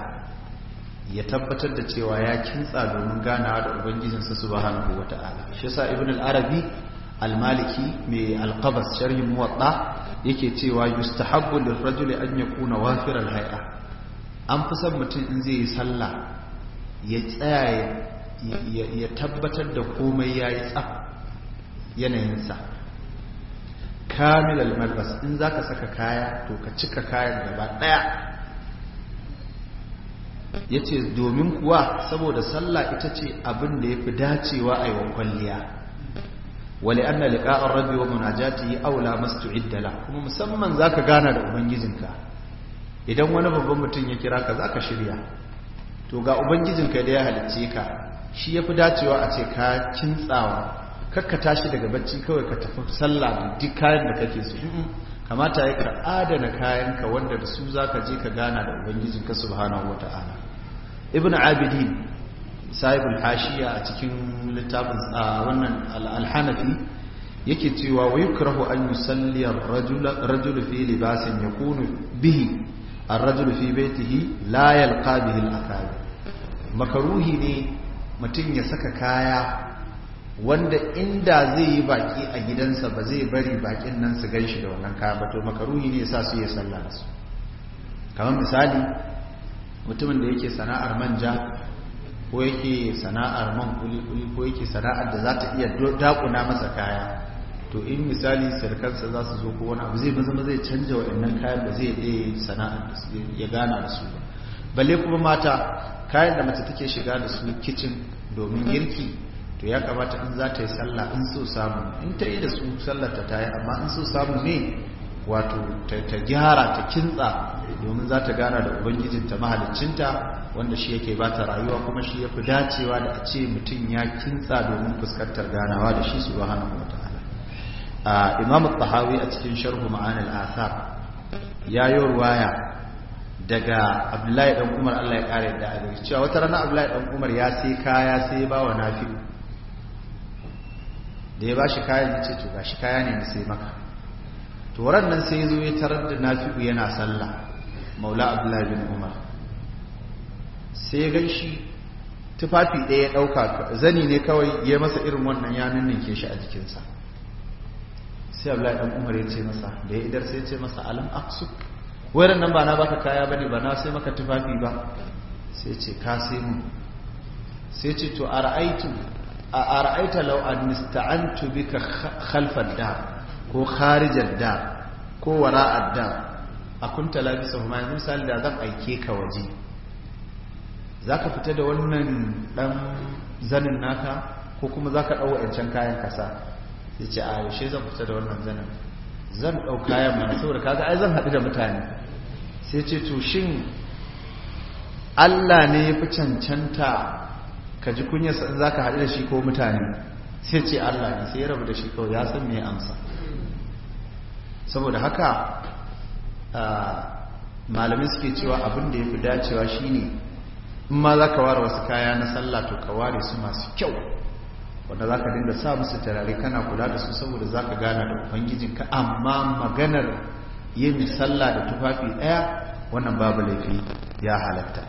ya tabbatar da cewa ya kintsa domin ganawa da ubangijinsa su wata ala shi sa ibn al-arabi Almaliki mai al-qabas sharhin muwatta yake cewa yustahabbu lirrajuli an yakuna wafir al-hay'a an fi san mutum in zai yi sallah ya tsaya ya tabbatar da komai ya yi tsaf yanayinsa kamil al-malbas in zaka saka kaya to ka cika kayan gaba daya ya ce domin kuwa saboda sallah ita ce abin da ya fi dacewa a yawan kwalliya wale anna liqa'ar rabbi wa yi aula masu tu'iddala kuma musamman zaka gana da ubangijinka idan wani babban mutum ya kira ka zaka shirya to ga ubangijinka da ya halicce ka shi yafi dacewa a ce ka kintsawa karka tashi daga bacci kawai ka tafi sallah da duk kayan da kake so kamata ya ka adana kayanka wanda da su zaka je ka gana da ubangijinka subhanahu wata'ala ibnu abidin sahibul hashiya a cikin littafin wannan alhanafi yake cewa wa yukrahu an yusalli ar-rajul fi libasin yakunu bihi ar-rajul fi baytihi la yalqa bihi al-akabi makaruhi ne mutum ya saka kaya wanda inda zai yi baki a gidansa ba zai bari bakin nan su gan shi da wannan kaya ba to makaruhi ne yasa su yi sallah su kamar misali mutumin da yake sana'ar manja ko yake sana'ar man kuli-kuli ko yake sana'ar da za ta iya dakuna masa kaya to in misali sarkarsa za su zo ko wani abu zai maza zai canja waɗannan kayan da zai ɗaya sana'ar da ya gana da su balle kuma mata kayan da mace take shiga da su kicin domin girki to ya kamata in za ta yi sallah in so samu in ta yi da su sallar ta yi amma in so samu ne wato ta gyara ta kintsa domin za ta gana da ubangijinta mahalicinta wanda shi yake ba ta rayuwa kuma shi ya fi dacewa da a ce mutum ya kintsa domin fuskantar ganawa da shi su bahana a imam tsahawi a cikin sharhu ma'anil asar ya yi ruwaya daga abdullahi dan umar allah ya kare da agari cewa wata rana abdullahi dan umar ya sai kaya sai ba wa nafi da ya ba shi kayan ya ce to ga shi kaya ne sai maka to nan sai zo ya tarar da nafi'u yana sallah maula abdullahi bin umar sai gan shi tufafi ɗaya ya ɗauka zani ne kawai ya masa irin wannan ya ke shi a jikinsa sai abdullahi bin umar ya ce masa da ya idar sai ya ce masa alam aksuk wayar nan ba na baka kaya bane ba na sai maka tufafi ba sai ce ka sai mu sai ce to ara'aitu a ara'aita law an ista'antu bika khalfad dar ko kharijar da ko wara'ar da a kuntala labisa kuma yanzu misali da zan aike ka waje za ka fita da wannan dan zanin naka ko kuma za ka ɗau wa'ancan kayan kasa ya ce a yaushe zan fita da wannan zanin zan ɗau kayan mana saboda kaga ai zan haɗu da mutane sai ce to shin Allah ne ya fi cancanta ka ji kunyar za ka haɗu da shi ko mutane sai ce Allah ne sai ya rabu da shi kawai ya san me amsa saboda haka malamai suke cewa abin da ya fi dacewa shine in ma za ka ware wasu kaya na sallah to ka ware su masu kyau wanda za ka dinga sa musu tarare kana kula da su saboda za ka gana da ubangijinka amma maganar yin sallah da tufafi ɗaya wannan babu laifi ya halatta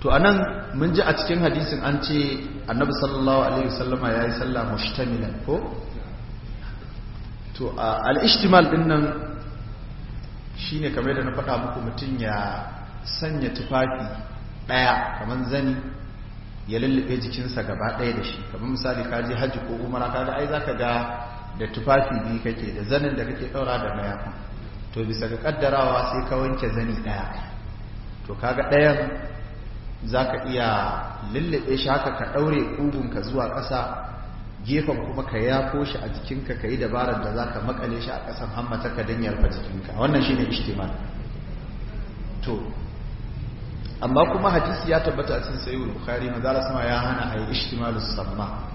to anan mun ji a cikin hadisin an ce annabi sallallahu alaihi wasallama yayi sallah mushtamilan ko so al'ishtimal din nan shi ne kamar da na faɗa muku mutum ya sanya tufafi ɗaya kamar zani ya lullube jikinsa gaba ɗaya da shi kamar misali ka je hajji ko umara ka ga ai za ka ga da tufafi biyu kake da zanin da kake ɗaura da mayafin to bisa ga ƙaddarawa sai ka wanke zani ɗaya to kaga ɗayan za ka iya lullube shi haka ka ɗaure ƙugunka zuwa ƙasa gefen kuma ka yafo shi a jikinka ka yi dabarar da za ka makale shi a ƙasan hammata ka don yarfa jikinka wannan shi ne ishtimal to amma kuma hadisi ya tabbata a cikin sayyid bukhari manzala sama ya hana a yi ishtimalus samma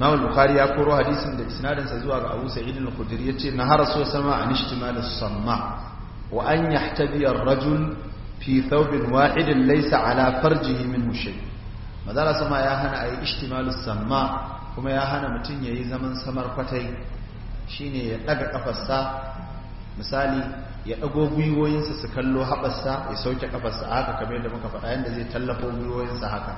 Imam bukhari ya koro hadisin da isnadinsa zuwa ga Abu Sa'id al-Khudri yace na har so sama an ishtimalus samma wa an yahtabi ar-rajul fi thawbin wahidin laysa ala farjihi min shay' madara sama ya hana a yi ishtimalus samma kuma ya hana mutum ya yi zaman samar kwatai ne ya ɗaga ƙafarsa misali ya ɗago gwiwoyinsa su kallo haɓarsa ya sauke ƙafarsa a haka kamar da muka faɗa yadda zai tallafo gwiwoyinsa haka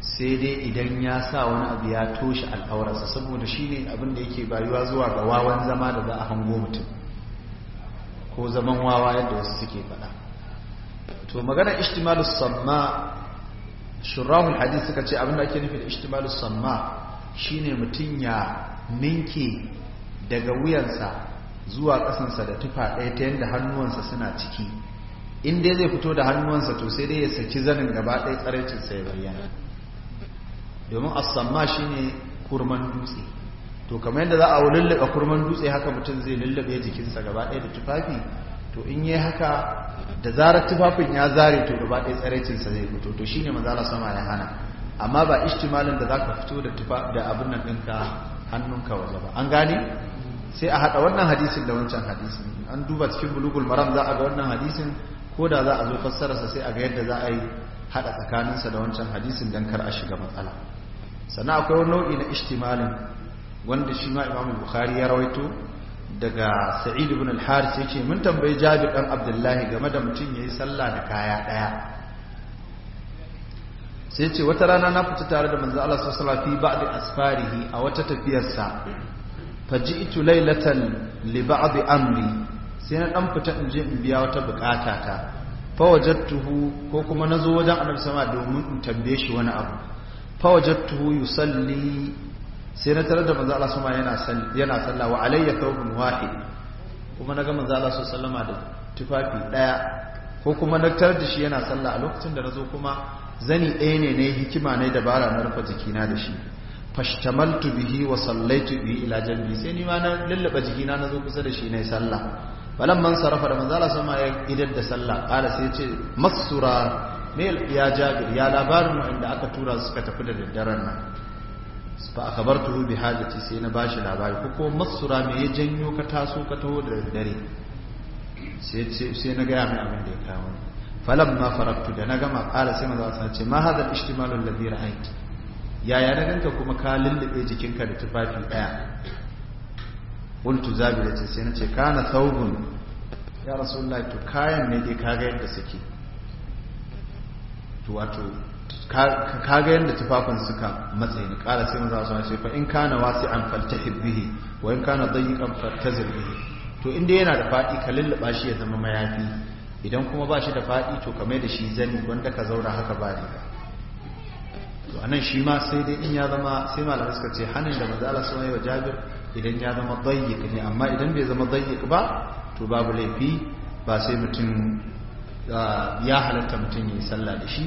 sai dai idan ya sa wani abu ya toshe al'aurarsa saboda shi ne abin da yake bayuwa zuwa ga wawan zama da za a hango mutum ko zaman wawa yadda wasu suke faɗa to magana ishtimalus samma shurahul hadith suka ce abinda ake nufi da ishtimalus samma shine mutum ya ninke daga wuyansa zuwa kasansa da tufa ɗaya ta yanda hannuwansa suna ciki in dai zai fito da hannuwansa to sai dai ya saki zanin gaba ɗaya tsaraicin sai bayyana domin as-samma shine kurman dutse to kamar yadda za a lulluɓe kurman dutse haka mutum zai lulluɓe jikinsa gaba ɗaya da tufafi to in yi haka da zarar tufafin ya zare to gaba ɗaya tsaraicinsa zai fito to shine manzala sama ya hana amma ba ishtimalin da za ka fito da tufa da abin nan ɗinka hannunka waje ba an gane sai a haɗa wannan hadisin da wancan hadisin an duba cikin bulugul maram za a ga wannan hadisin ko da za a zo fassararsa sai a ga yadda za a yi haɗa tsakaninsa da wancan hadisin don kar a shiga matsala sannan akwai wani nau'i na ishtimalin wanda shi ma imamu bukhari ya rawaito daga sa'id ibn al-haris yake mun tambayi jabi dan abdullahi game da mutum yayi sallah da kaya daya sai yace wata rana na fita tare da manzo Allah sallallahu alaihi wasallam fi ba'd a wata tafiyarsa faji'tu laylatan li ba'd amri sai na dan fita in je in biya wata bukata ta fawajadtuhu ko kuma nazo wajen annabi sama domin in tambaye shi wani abu fawajadtuhu yusalli sai na tarar da manzo Allah ma yana yana sallah wa alayya thawbun wahid kuma naga manzo Allah sallama da tufafi daya ko kuma na tarar da shi yana sallah a lokacin da nazo kuma zani ɗaya ne nayi hikima ne dabara na rufe jikina da shi fashtamaltu bihi wa sallaitu bihi ila janbi sai ni ma na lallaba jikina nazo kusa da shi nayi sallah man sarafa da manzo Allah ma ya idan da sallah kala sai ya ce masura me ya jabir ya labarin wanda aka tura suka tafi da daddaren nan fa turu bi hajjaci sai na bashi labari ko kuma masura me ya janyo ka taso ka taho da dare sai na gaya mai abin da ya kawo Falam ma faraktu da na gama kala sai manzo sa ce ma hadha al-ihtimal alladhi yaya na ganka kuma ka lullube jikinka da tufafi ɗaya? qultu zabira ce sai na ce kana thawbun ya rasulullahi to kayan ne dai kaga yadda suke to wato ka ga yadda tufafin suka matsayi da kara sai maza sai fa in kana wasi an falta hibbihi wa in kana dayyukan faltazir bihi to inda yana da faɗi ka lullaba shi ya zama mayafi idan kuma ba shi da faɗi to ka mai da shi zani wanda ka zaura haka ba riga to anan shi ma sai dai in ya zama sai malama suka ce hannun da maza Allah sun yi wa Jabir idan ya zama dayyuk ne amma idan bai zama dayyuk ba to babu laifi ba sai mutum ah, ya halatta mutum ya yi sallah da shi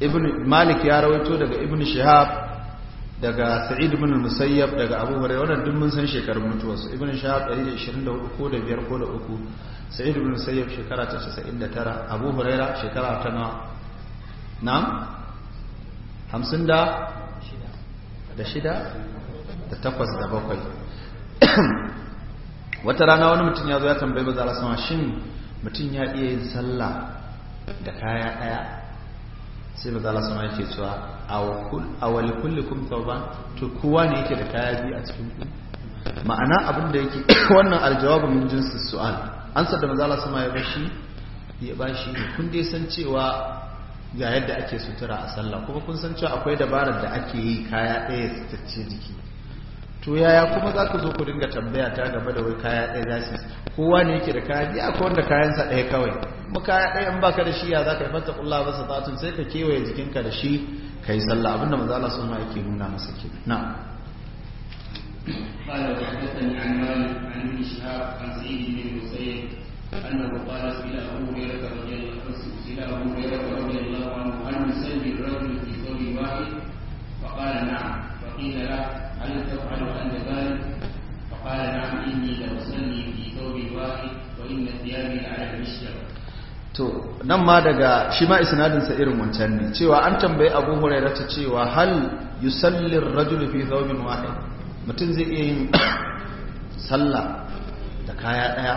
ibn malik ya rawaito daga ibn shihab daga sa'id ibn musayyab daga abu hurairah wannan duk mun san shekarun mutuwarsa ibn shihab 124 ko da 5 ko da 3 sa'id ibn musayyab shekara ta 99 abu hurairah shekara ta na nam 50 da 6 da 6 da 8 da 7 wata rana wani mutum ya zo ya tambaye ba za a sama shin mutum ya iya yin sallah da kaya daya sai maza sama sama yake cewa a wali kulli kum tauba to kowa ne yake da kaya biyu a cikin ku ma'ana abin da yake wannan aljawabin min jinsi su'al an da maza sama ya bashi ya bashi ne kun dai san cewa ga yadda ake sutura a sallah kuma kun san cewa akwai dabarar da ake yi kaya ɗaya tsitacce jiki to yaya kuma za ku zo ku dinga tambaya ta game da wai kaya ɗaya za su kowa ne yake da kaya biyu akwai wanda kayansa ɗaya kawai makaya ɗaya in baka da shi ya za ka yi fata ƙulla ba sata'atun sai ka kewaye jikinka da shi ka sallah abinda maza Allah sun ma yake nuna masa ke na قال وحدثني عن مالك عن ابن شهاب عن سعيد بن المسيب انه قال سئل ابو هريره رضي الله عنه سئل ابو هريره رضي الله عنه هل يسلي الرجل في ثوب واحد فقال نعم فقيل له هل تفعل انت ذلك فقال نعم اني لاصلي في ثوب واحد وان ثيابي على المشجر to nan ma daga shi ma isnadinsa irin wancan ne cewa an tambayi abu huraira ta cewa hal yusallir rajul fi thawbin wahid mutum zai iya yin sallah da kaya daya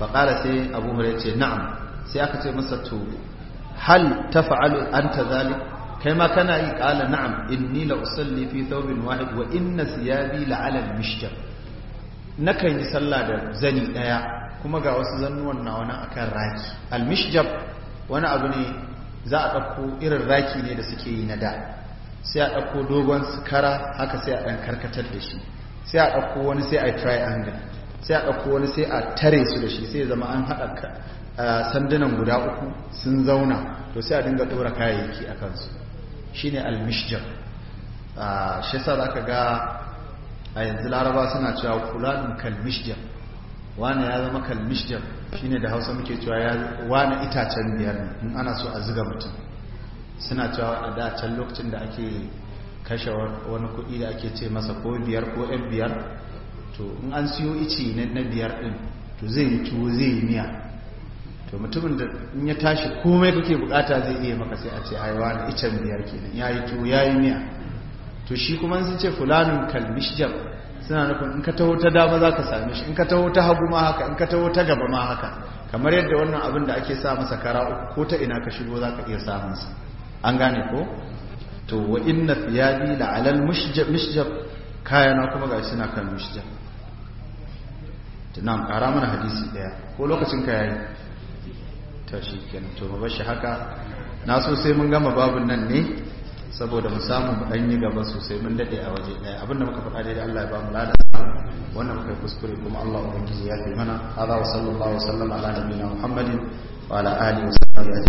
fa qala sai abu huraira ce na'am sai aka ce masa to hal taf'alu anta zalik kai ma kana yi qala na'am inni la usalli fi thawbin wahid wa inna siyabi la ala al nakan yi sallah da zani daya kuma ga wasu zannuwan na wani akan raki almishjab wani abu ne za a ɗauko irin raki ne da suke yi na da sai a ɗauko dogon sukara haka sai a ɗan karkatar da shi sai a ɗauko wani sai a triangle sai a ɗauko wani sai a tare su da shi sai zama an haɗa sandunan guda uku sun zauna to sai a dinga ɗora kayayyaki a kansu shi ne almishjab shi sa za ka ga a yanzu laraba suna cewa kula kulanin kalmishjab wani ya zama kalmishiyar ne da hausa muke cewa wani itacen biyar ne in ana so a ziga mutum suna cewa a dacen lokacin da ake kashe wani kuɗi da ake ce masa ko biyar ko yan biyar to in an siyo ici na biyar ɗin to zai yi tuwo zai yi miya to mutumin da in ya tashi komai kake bukata zai iya maka sai a ce aiwa wani icen biyar kenan ya yi tuwo ya yi miya to shi kuma sun ce fulanin kalmishiyar suna nufin in ka taho ta dama za ka same shi in ka taho ta hagu ma haka in ka taho ta gaba ma haka kamar yadda wannan abin da ake sa masa kara uku ko ta ina ka shigo za ka iya samun su. an gane ko to wa inna thiyabi la alal mushjab-mushjab. Kaya kayana kuma ga suna kan mishjab tunam kara mana hadisi daya ko lokacin ka yayi to shi kenan to ba shi haka na so sai mun gama babun nan ne saboda mu samu mu dan yi gaba sosai mun dade a waje daya abinda muka faɗa dai Allah ya ba mu lada wannan muka kuskure kuma Allah ubangiji ya kai mana Allah sallallahu alaihi wa sallam ala nabiyina Muhammadin wa ala alihi wa sahbihi